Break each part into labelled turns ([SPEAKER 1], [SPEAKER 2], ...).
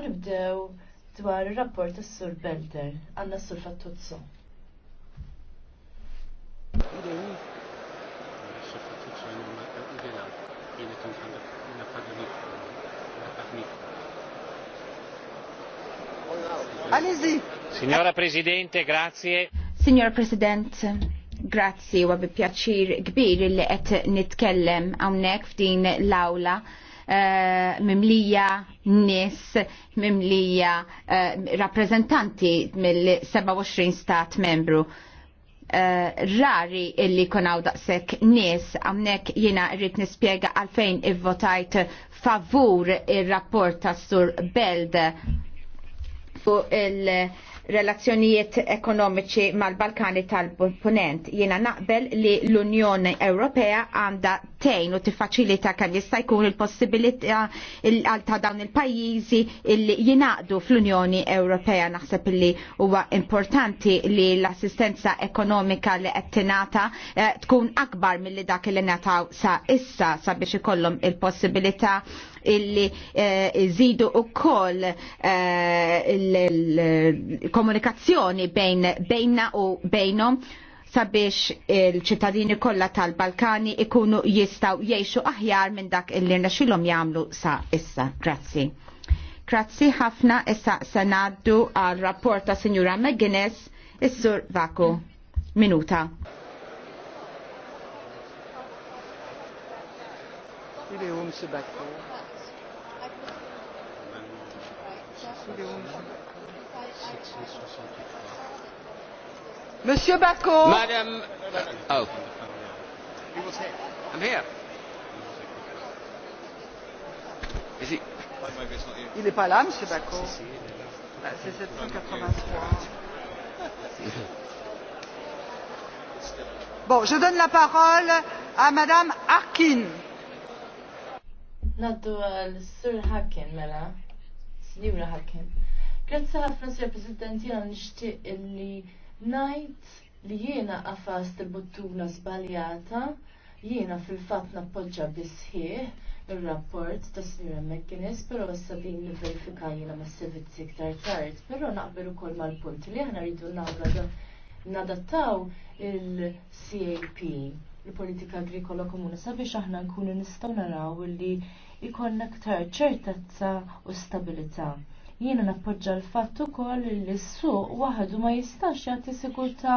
[SPEAKER 1] Nibdew dwar il rapport tas-Sur Belder għanna s-Sur Fattuzzo.
[SPEAKER 2] Signora Presidente, grazie. Signor Presidente, grazie u bi piacir kbir li qed nitkellem hawnhekk f'din l-awla Eh, mimlija nis, mimlija eh, rappresentanti mill-27 stat membru. Eh, rari illi konaw daqsek nis, għamnek jina rrit nispiega għalfejn ivvotajt favur il-rapport ta' Sur Beld fuq il- relazzjonijiet ekonomiċi mal-Balkani tal-Punent. Jiena naqbel li l-Unjoni Ewropea għandha tejn u tiffaċilita kemm jista' jkun il-possibilità għal ta' dawn il-pajjiżi li jinaqdu fl-Unjoni Ewropea naħseb li huwa importanti li l-assistenza ekonomika li qed tingħata eh, tkun akbar milli dak li nataw sa issa sabiex ikollhom il-possibilità illi eh, u ukoll eh, il-komunikazzjoni bejn bejna u bejnom sabiex il-ċittadini kollha tal-Balkani ikunu jistaw jgħixu aħjar minn dak illi naxilhom jagħmlu sa issa. Grazzi. Grazzi ħafna issa senaddu għal rapport ta' Signora McGuinness is-Sur Vaku. Minuta. Six, six, six, six, six.
[SPEAKER 1] Monsieur Bacco. Madam. Uh, oh. I'm here. Is he? Il n'est pas là, Monsieur Bacco. C'est 783.
[SPEAKER 2] Bon, je donne la parole
[SPEAKER 1] à Madame Harkin. Naddu għal Sir Harkin, mela. Signora Harkin. Grazie ħafna, Sir President, jgħan nishtiq illi Najt li jiena għafast il-buttuna zbaljata, jiena fil-fat nappoġġa bisħieħ il-rapport ta' Snira McGuinness, pero issa din li jiena ma' servizzi iktar tard, pero kol ma' mal-punt li aħna rridu nagħmlu nadattaw il-CAP, il-Politika Agrikola komuna sabiex aħna nkunu nistgħu naraw li jkollna ktar ċertezza u stabilità. Jiena nappoġġa l-fatt ukoll li s-suq waħdu ma jistax jagħti sigurtà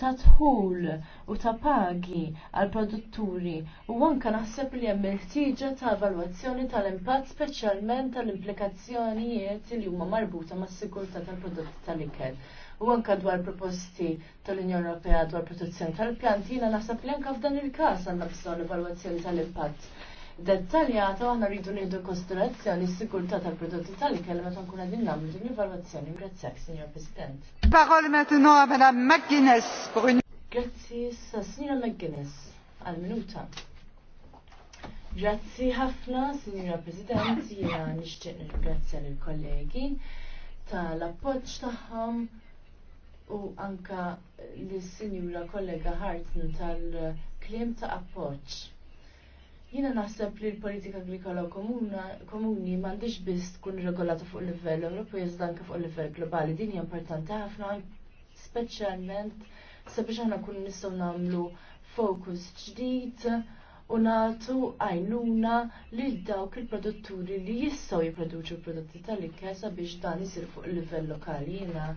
[SPEAKER 1] ta' tħul u ta' pagi għal produtturi u anke naħseb li hemm il-ħtieġa ta' evalwazzjoni tal-impatt speċjalment tal-implikazzjonijiet li huma marbuta mas-sigurtà tal-prodotti tal-ikel u anka dwar proposti tal-Unjoni Ewropea dwar protezzjoni tal jiena naħseb li anka f'dan il-każ għandna bżonn evalwazzjoni tal-impatt dettaljata u aħna rridu nieħdu konsiderazzjoni s-sigurtà tal-prodotti tal-ikel meta nkun din namlu din l Grazzjak, Signor President.
[SPEAKER 2] Parol maintenant à Madame McGuinness
[SPEAKER 1] Grazzi sa McGuinness
[SPEAKER 2] għal-minuta.
[SPEAKER 1] Grazzi ħafna, Signora President, jiena nixtieq nirringrazzja lill-kollegi tal-appoġġ tagħhom u anka lis-Sinjura kollega Hartin tal-klim ta' appoġġ Jina naħseb li l-politika agrikola komuni m'għandix biss tkun regolata fuq livell Ewropej, iżda anke fuq livell globali. Din hija importanti ħafna speċjalment sabiex aħna kun nistgħu nagħmlu fokus ġdid u nagħtu għajnuna lil dawk il-produtturi li jistgħu jipproduċu prodotti tal-ikel sabiex dan isir fuq livell lokali. Jiena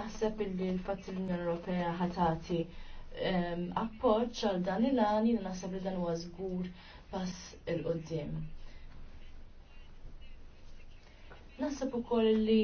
[SPEAKER 1] naħseb li l-fatt l-Unjoni Ewropea ħatati appoġġ għal dan il għani li naħseb li dan huwa żgur pass il-qoddim. Naħseb ukoll li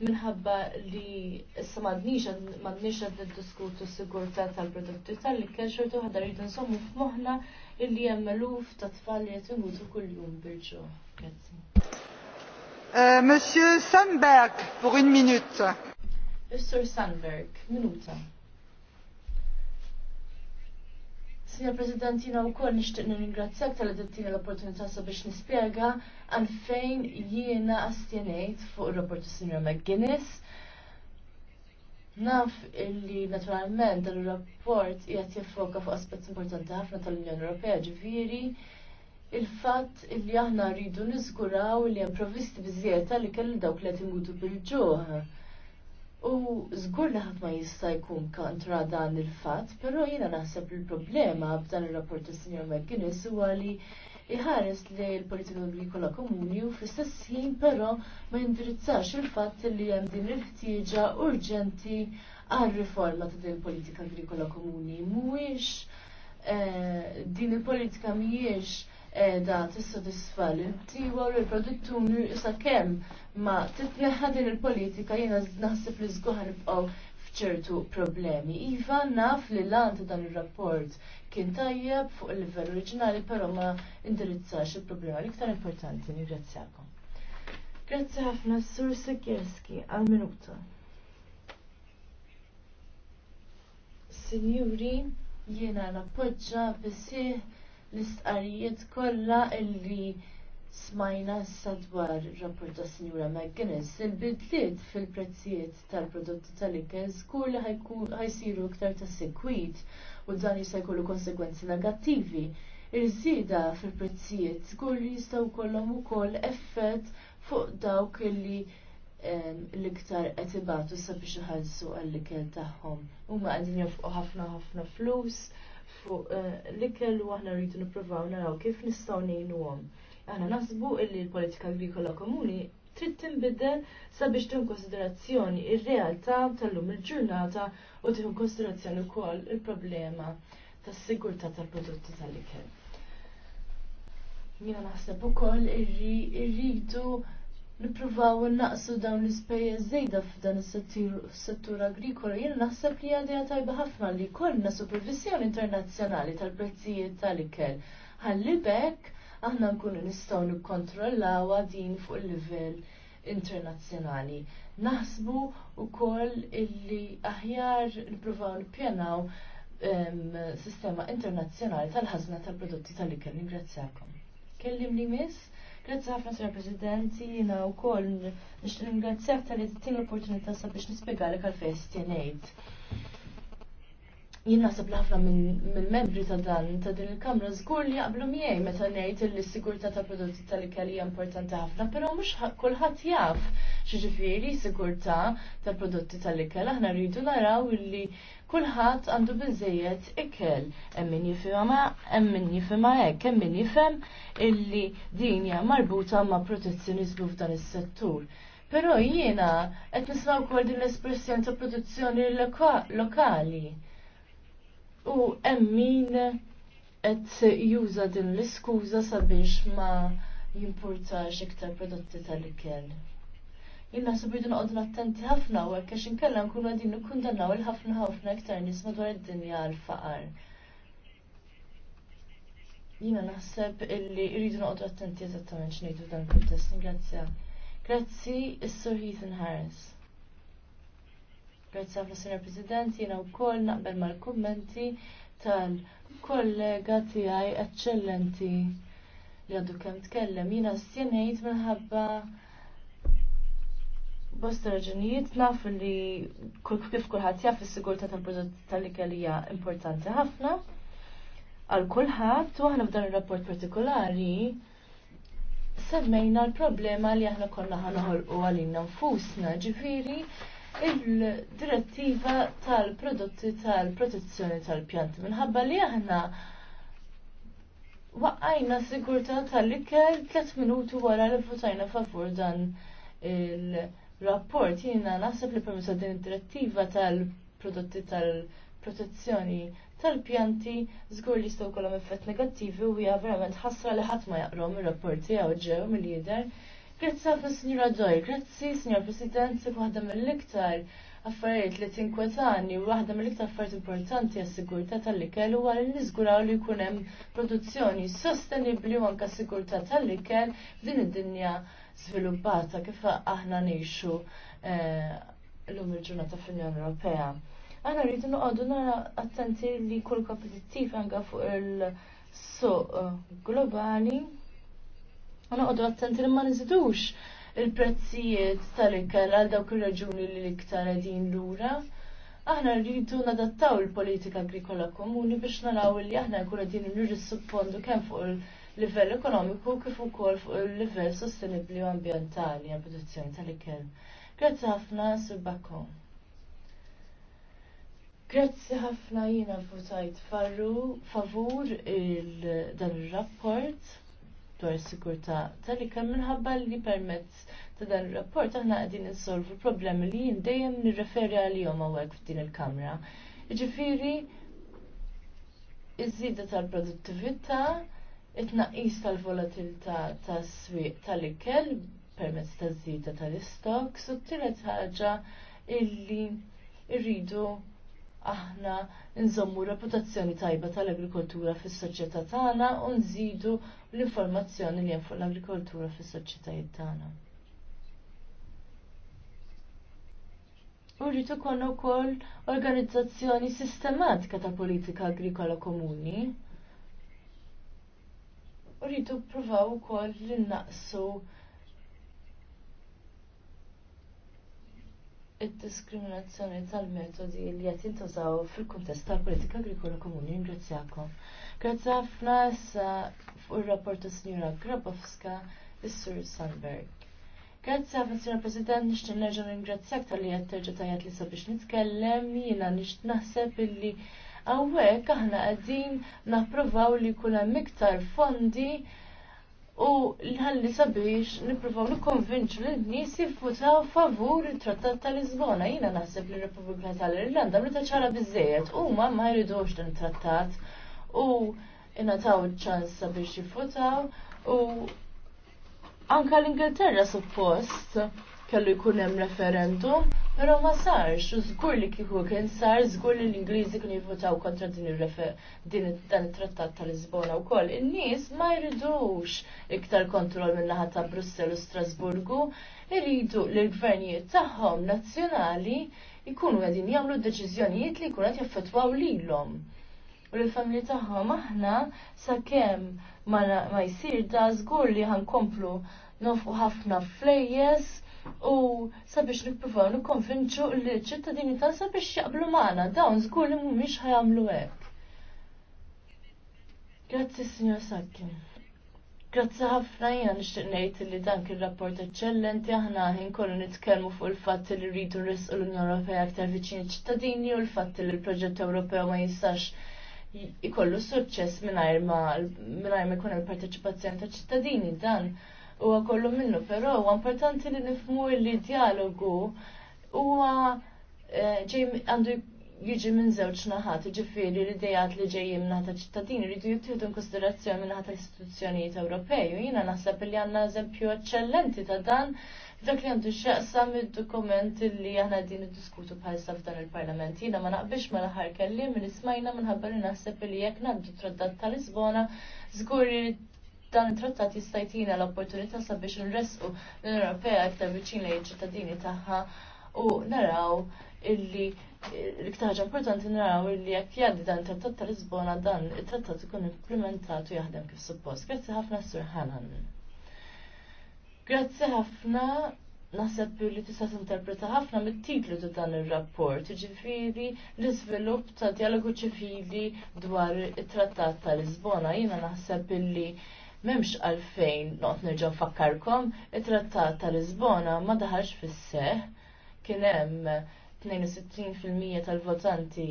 [SPEAKER 1] minħabba li issa madniex madniex għad diskutu s-sigurtà tal-prodotti tal-ikel xortu ħadar jridu nsommu f'moħħna illi hemm eluf ta' tfal li qed imutu kuljum bil Grazzi.
[SPEAKER 2] Eh, Monsieur Sandberg, pour une minute.
[SPEAKER 1] Monsieur Sandberg, minuta. Sina President, jina u koll nishtiq nirringrazzjak tal-għadettina l-opportunità sabiex nispiega għan fejn jiena astjenejt fuq il-rapport ta' Sinjora McGuinness. Naf illi naturalment dan il-rapport jgħat jiffoka fuq aspett importanti ħafna tal-Unjoni Ewropea ġviri il-fatt illi aħna rridu niżguraw li hemm provvisti biżjed li kelli dawk li qed bil-ġuħ U żgur li ħadd ma jista' jkun kontra dan il-fatt, però jiena naħseb li l-problema b'dan ir-rapport ta' sinjor McGuinness huwa li iħares li l-politika agrikola komuni u fl-istess ħin però ma jindirizzax il-fatt li hemm din il-ħtieġa urġenti għal riforma ta' din il-politika agrikola komuni. Mhuwiex eh, din il-politika mhijiex edha tissodisfa li tiwar il-produtturi jisa kem ma titneħħa din il-politika jiena naħseb li żgur nibqgħu f'ċertu problemi. Iva naf li l-ant dan il-rapport kien tajjeb fuq il-livell oriġinali, pero ma indirizzax il-problema l-iktar importanti. Nirrazzakom. Grazzi ħafna Sur Sikierski għal-minuta. Signori, jiena nappoġġa bisih l-istqarijiet kollha illi smajna sadwar dwar rapport ta' Sinjura McGuinness, il-bidliet fil-prezzijiet tal-prodotti tal-ikel skur li ħajsiru iktar ta' sekwit u dan jista' jkollu konsegwenzi negattivi. Il-żieda fil-prezzijiet skur li jistgħu kollhom ukoll effett fuq dawk illi ehm, l-iktar qed ibatu sabiex iħallsu għall-ikel tagħhom. Huma qegħdin jofqu ħafna ħafna flus fuq eh, l-ikel u aħna rridu nipprovaw naraw kif nistgħu ngħinuhom. Aħna naħsbu li l-politika agrikola komuni trid tinbidel sabiex tieħu konsiderazzjoni ir-realtà tal-lum il-ġurnata u tieħu konsiderazzjoni wkoll il-problema tas-sigurtà tal-prodotti tal-ikel. Jiena naħseb ukoll irridu nippruvaw naqsu dawn l-ispejjeż żejda f'dan is-settur agrikola, jien naħseb li għadija tajba ħafna li jkollna supervisjoni internazzjonali tal-prezzijiet tal-ikel. Ħalli bekk aħna nkunu nistgħu nikkontrollawha din fuq il-livell internazzjonali. Naħsbu wkoll illi aħjar nippruvaw nippjanaw ehm, sistema internazzjonali tal-ħażna tal-prodotti tal-ikel. Ningrazzjakom. Kellimni miss? Grazzi ħafna sra Presidenti, jina u koll nix ringrazzjak tal-li t-tini opportunità sabiex nispiegħalek għal-festi nejt jien naħseb ħafna minn membri ta' dan ta' din il-kamra żgur li jaqblu miegħi meta ngħid li s-sigurtà ta' prodotti tal-ikel hija importanti ħafna, però mhux kulħadd jaf x'ġifieri sigurtà ta' prodotti tal-ikel aħna rridu naraw li kulħadd għandu biżejjed ikel. Hemm min jifhimha hemm min jifhimha hekk, hemm min jifhem illi din hija marbuta ma' protezzjoni protezzjonizmu f'dan is-settur. Però jiena qed nisma' wkoll din l-espressjoni ta' produzzjoni lokali u emmin qed juża din l-iskuża sabiex ma jimportax iktar prodotti tal-ikel jina sabidu naqodun attenti ħafna u għakka xinkella nkunu għadin nkundannaw il-ħafna ħafna iktar nis madwar id-dinja għal-faqar. Jina naħseb illi rridu naqodu attenti eżattament xnejdu dan kontest Grazzi, is-Sir Heathen Harris. Grazie għafna, Signor President, jina u naqbel mal-kommenti tal-kollega tijaj eccellenti li għaddu kem tkellem. Jiena s-sjenajt minħabba Bosta raġunijiet naf li kif kulħadd jaf is-sigurtà tal prodott tal-ikel hija importanti ħafna għal kulħadd u aħna f'dan ir-rapport partikolari semmejna l-problema li aħna konna ħanoħolqu għalina nfusna ġifieri il-direttiva tal-prodotti tal-protezzjoni tal-pjanti minħabba li aħna waqqajna sigurtà tal-ikel 3 minuti wara li votajna favur dan il-rapport jiena naħseb li permessa din id-direttiva tal-prodotti tal-protezzjoni tal-pjanti żgur li jistgħu jkollhom effett negattivi u hija verament ħasra li ħadd ma jaqrom ir-rapporti għaw ġew mill-jidher Grazie ħafna signora Joy, grazie signor President, sib mill-iktar affarijiet li tinkwetani u waħda mill-iktar affarijiet importanti għas-sigurtà tal-ikel huwa li niżguraw li jkun hemm produzzjoni sostenibbli u anke sigurtà tal-ikel f'din id-dinja sviluppata kif aħna nixu eh, l-lum il-ġurnata fl-Unjoni Ewropea. Aħna rridu noqogħdu nara attenti li kull kompetittiv anke fuq il-suq eh, globali Għana għadu attenti li ma nizidux il-prezzijiet tal-ikel għal dawk il-raġuni li l-iktar għedin l-ura. Aħna rridu nadattaw il-politika agrikola komuni biex naraw li aħna jkun għedin nirrisuppondu kemm fuq il-livell ekonomiku kif ukoll fuq il-livell sostenibli u ambientali għal produzzjoni tal-ikel. Grazzi ħafna, Subbakko. Grazzi ħafna jina votajt farru favur il-dan il-rapport dwar is-sigurtà tal-ikel minħabba li permezz ta' dan ir-rapport aħna qegħdin insolvu problemi li jien dejjem nirreferi għalihom hawnhekk f'din il-Kamra. Jiġifieri iż-żieda tal-produttività, it-tnaqqis tal-volatilità tas-swieq tal-ikel permezz ta' żieda tal-istoks u t-tielet ħaġa illi rridu aħna nżommu reputazzjoni tajba tal-agrikoltura fis-soċjetà tagħna u nżidu l-informazzjoni li hemm fuq l-agrikoltura fis-soċjetajiet tagħna. U rrid ukoll organizzazzjoni sistematika ta' politika agrikola komuni. uritu provaw ukoll li naqsu id-diskriminazzjoni tal-metodi li qed jintużaw fil-kuntest tal-politika agrikola komuni ringrazzjakom. Grazzi ħafna issa fuq ir-rapport ta' sinjura Grabowska is-Sur Sandberg. Grazzi ħafna Sinjura President, nixtieq nerġa' ringrazzjak tal-li qed terġa' tajjat li sabiex nitkellem, jiena nixt naħseb illi hawnhekk aħna qegħdin napprovaw li jkun hemm iktar fondi u l-ħalli sabiex niprofaw nikkonvinċu l-nis jivvutaw favur il-Trattat tal-Lisbona. Jina naħseb li Repubblika tal-Irlanda meta ċara bizzejet. huma ma jridux din trattat u taw ċans sabiex jivvutaw u anka l-Ingilterra suppost kellu jkun hemm referendum Pero ma sarx, u zgur li kieku kien sar, zgur li l-Ingliżi kien jivvotaw kontra din il-refe, din dan it-trattat tal-Lisbona u koll. In-nies ma jridux iktar kontroll minnaħa ta' Brussel u Strasburgu, jridu li l-gvernijiet tagħhom nazzjonali jkunu qegħdin jagħmlu deċiżjonijiet li jkunu qed l lilhom. U l-familji tagħhom aħna sakemm ma jsir da żgur li ħankomplu nofqu ħafna flejjes u sabiex nippruvaw nikkonvinċu li ċittadini ta' sabiex jaqblu magħna dawn żgur li mhumiex ħajamlu hekk. Grazzi signor Sakkin. Grazzi ħafna jena nixtieq ngħid li dan kien rapport eċċellenti aħna ħin kollu nitkellmu fuq il-fatt li rridu nresqu l-Unjoni Ewropea aktar viċin ċittadini u l-fatt li l-proġett Ewropew ma jistax ikollu suċċess mingħajr ma jkun il-parteċipazzjoni ta' ċittadini dan huwa kollu minnu, però huwa importanti li nifhmu li dialogu huwa eh, ġej għandu jiġi minn żewġ naħat, ġifieri li dejat li ġejjin minn ta' ċittadini rridu n konsiderazzjoni minn ta' istituzzjonijiet Ewropej. U jiena naħseb li għandna eżempju eċċellenti ta' dan dak li għandu x'jaqsam id dokumenti li aħna din bħal bħalissa f'dan il-Parlament. Jina ma naqbix ma laħar aħħar kelliem li smajna minħabba li naħseb li jekk ngħaddu trattat ta' Lisbona żgur li dan it-trattat jista' jtina l-opportunità sabiex nresqu l-Unjoni Ewropea iktar viċin lejn ċittadini tagħha u naraw illi l-iktar ħaġa importanti naraw illi jekk jgħaddi dan it-trattat ta' Lisbona dan it-trattat ikun implementat u jaħdem kif suppost. Grazzi ħafna Sur Hanan. Grazzi ħafna naħseb li tista' tinterpreta ħafna mit-titlu ta' dan ir-rapport, jiġifieri l-iżvilupp ta' dialogu ċivili dwar it-Trattat ta' Lisbona. Jiena naħseb illi Memx għalfejn noqt nerġaw fakkarkom it-Trattat ta' Lisbona ma daħalx fis-seħ kien hemm 62% tal-votanti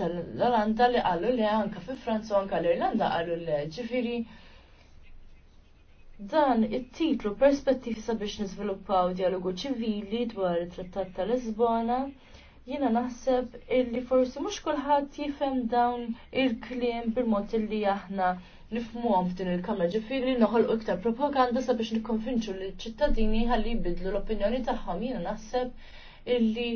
[SPEAKER 1] tal-Olanda li qalu li anka fi Franza u anka l-Irlanda qalu li ġifiri dan it-titlu perspettivi sabiex niżviluppaw dialogu ċivili dwar it-Trattat ta' Lisbona. Jiena naħseb illi forsi mhux kulħadd jifhem dawn il-kliem bil-mod illi aħna għom f'din il-kamra noħol noħolqu iktar propaganda sabiex nikkonvinċu liċ ċittadini ħalli jbidlu l-opinjoni tagħhom. Jiena naħseb illi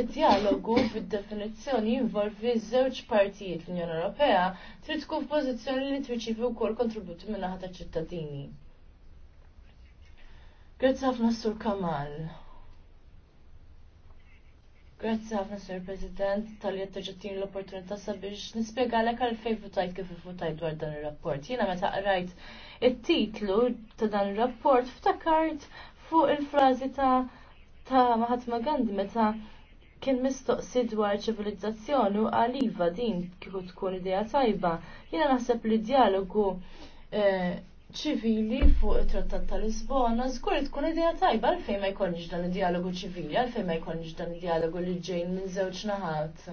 [SPEAKER 1] Id-dialogu fid-definizzjoni jinvolvi żewġ partijiet l-Unjoni Ewropea trid tkun f'pożizzjoni li tirċievi wkoll kontributi minn naħa taċ-ċittadini. Grazzi ħafna Sur Kamal. Grazzi ħafna Sir President tal-li jatteġetin l-opportunità sabiex nispiega għalek għalfej votajt kif votajt dwar dan il-rapport. Jiena meta qrajt it-titlu ta' dan il-rapport ftakart fuq il-frażi ta' ta' Mahatma Gandhi meta kien mistoqsi dwar ċivilizzazzjoni u għaliva din kieku tkun idea tajba. Jiena naħseb li dialogu eh, ċivili fuq it-Trattat ta' Lisbona, żgur tkun idea tajba għalfejn ma jkunx dan id-dialogu ċivili, għalfejn ma jkunx dan id-dialogu li ġejn minn żewġ naħat.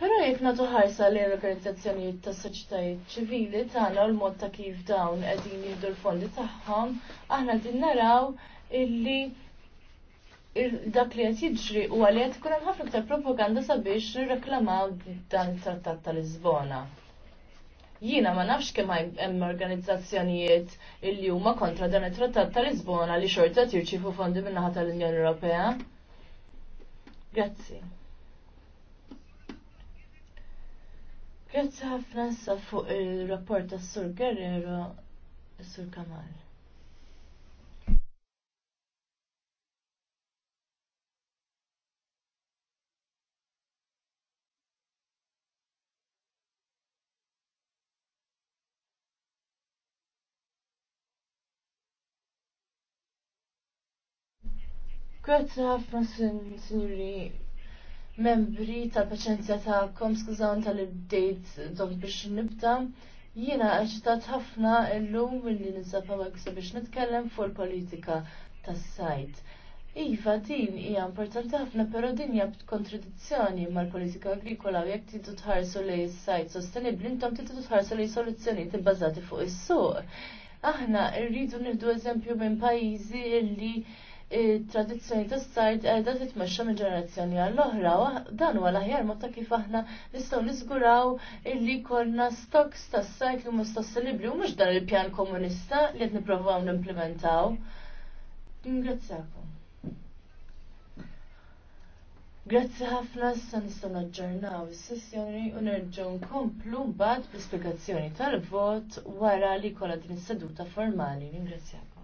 [SPEAKER 1] Però jekk nagħtu ħarsa li l-organizzazzjonijiet tas soċjetajiet ċivili tagħna u l-mod ta' kif dawn qegħdin jieħdu l-fondi tagħhom, aħna din naraw illi dak li qed jiġri huwa li qed ikun hemm ħafna aktar propaganda sabiex nirreklamaw dan it-Trattat ta' Lisbona. Jiena ma nafx kemm hemm organizzazzjonijiet illi huma kontra dan it-Trattat ta' Lisbona li xorta tirċifu fondi min-naħa tal-Unjoni Ewropea. Grazzi. Grazzi ħafna sa fuq il-rapport tas Sur Guerrero, Sur Kamal. Grazie ħafna, signori membri tal-paċenzja tagħkom skużawn tal-update dom biex nibda. Jiena eċitat ħafna illum milli ninsab għawek biex nitkellem fuq il-politika tas-sajt. Iva, din hija importanti ħafna, però din hija kontradizzjoni mal-politika agrikola u jekk tidu tħarsu lej sajt sostenibbli, intom tidu tħarsu lej soluzzjonijiet ibbażati fuq is-suq. Aħna rridu nibdu eżempju minn pajjiżi li il-tradizzjoni ta' s qiegħda titmexxa minn ġenerazzjoni għall-oħra u dan huwa l-aħjar mod ta' kif aħna nistgħu niżguraw illi jkollna stocks ta' s li mhux sostenibbli u mhux dan il-pjan komunista li qed nippruvaw nimplementaw. Ningrazzjakom. Grazzi ħafna sa nistgħu naġġornaw is-sessjoni u nerġgħu nkomplu mbagħad bl-ispjegazzjoni tal-vot wara li jkollha din is-seduta formali. Ningrazzjakom.